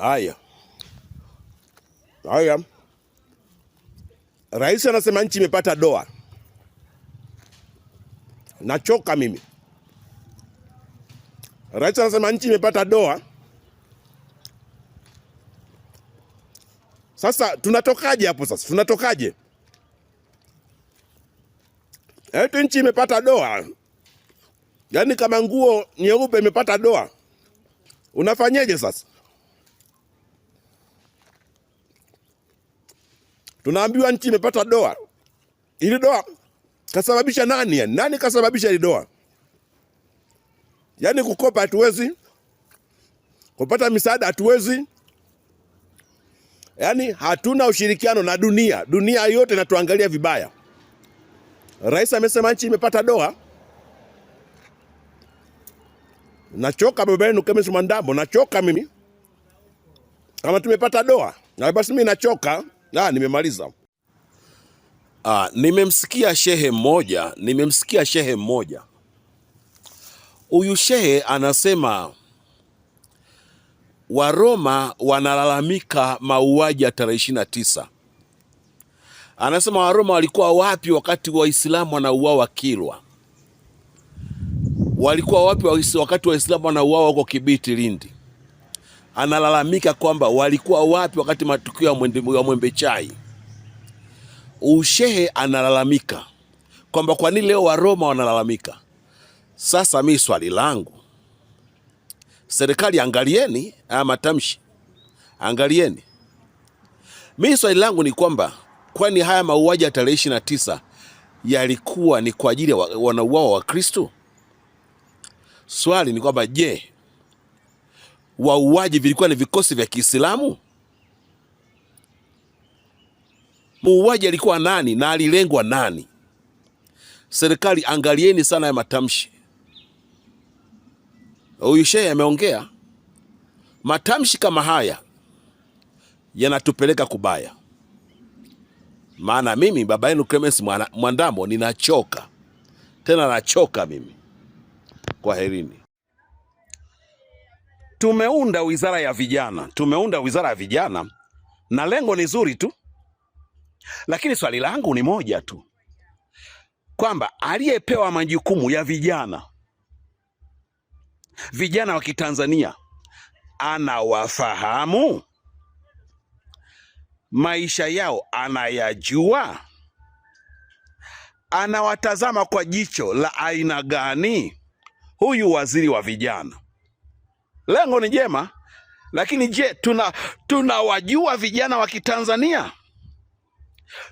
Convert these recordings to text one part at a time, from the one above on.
Haya haya, rais anasema nchi imepata doa. Nachoka mimi. Rais anasema nchi imepata doa. Sasa tunatokaje hapo? Sasa tunatokaje? Eti eh, nchi imepata doa, yaani kama nguo nyeupe imepata doa, unafanyeje sasa? Tunaambiwa nchi imepata doa. Ili doa kasababisha nani? nani kasababisha ili doa? Yaani kukopa hatuwezi, kupata misaada hatuwezi, yaani hatuna ushirikiano na dunia. Dunia yote inatuangalia vibaya. Rais amesema nchi imepata doa. Nachoka baba yenu Clemence Mwandambo, nachoka mimi kama tumepata doa na basi, mimi nachoka na nimemaliza. Ah, nimemsikia shehe mmoja, nimemsikia shehe mmoja. Huyu shehe anasema Waroma wanalalamika mauaji ya tarehe ishirini tisa. Anasema Waroma walikuwa wapi wakati Waislamu wanauawa Kilwa? Walikuwa wapi wakati Waislamu wanauawa huko Kibiti, Lindi? analalamika kwamba walikuwa wapi wakati matukio ya Mwembe Chai. Ushehe analalamika kwamba kwa nini leo Waroma wanalalamika. Sasa mi swali langu, serikali, angalieni haya matamshi, angalieni. Mi swali langu ni kwamba kwani haya mauaji ya tarehe ishirini na tisa yalikuwa ni kwa ajili ya wanauawa Kristo? Swali ni kwamba je, wauaji vilikuwa ni vikosi vya Kiislamu? Muuaji alikuwa nani na alilengwa nani? Serikali, angalieni sana ya matamshi. Huyu shehe ameongea matamshi kama haya yanatupeleka kubaya. Maana mimi baba yenu Clemence Mwandambo ninachoka tena, nachoka mimi. Kwaherini tumeunda wizara ya vijana, tumeunda wizara ya vijana na lengo ni zuri tu, lakini swali langu ni moja tu kwamba aliyepewa majukumu ya vijana, vijana wa Kitanzania, anawafahamu maisha yao, anayajua, anawatazama kwa jicho la aina gani? Huyu waziri wa vijana lengo ni jema, lakini je, tuna tunawajua vijana wa Kitanzania?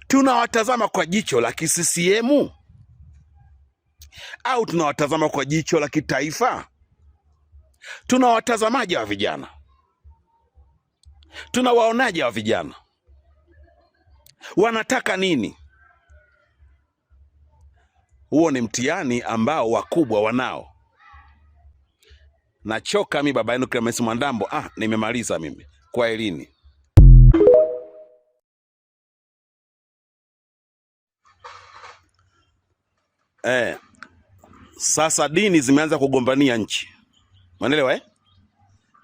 Tunawatazama kwa jicho la kisisiemu au tunawatazama kwa jicho la kitaifa? Tunawatazamaje wa vijana? Tunawaonaje wa vijana? Wanataka nini? Huo ni mtihani ambao wakubwa wanao nachoka mi baba yenu Clemence Mwandambo. Ah, nimemaliza mimi kwa elini. Eh, sasa dini zimeanza kugombania nchi, unaelewa eh?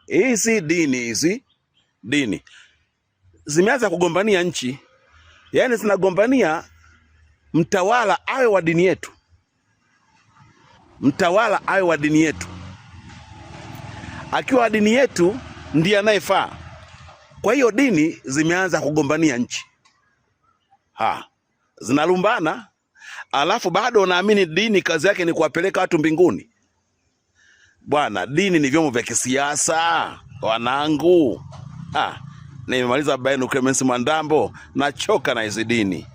Hizi dini hizi dini zimeanza kugombania nchi, yaani zinagombania mtawala awe wa dini yetu, mtawala awe wa dini yetu akiwa dini yetu ndiye anayefaa. Kwa hiyo dini zimeanza kugombania nchi ha, zinalumbana, alafu bado wanaamini dini kazi yake ni kuwapeleka watu mbinguni. Bwana, dini ni vyombo vya kisiasa wanangu. nimemaliza. Baba yenu Clemence Mwandambo, nachoka na hizi dini.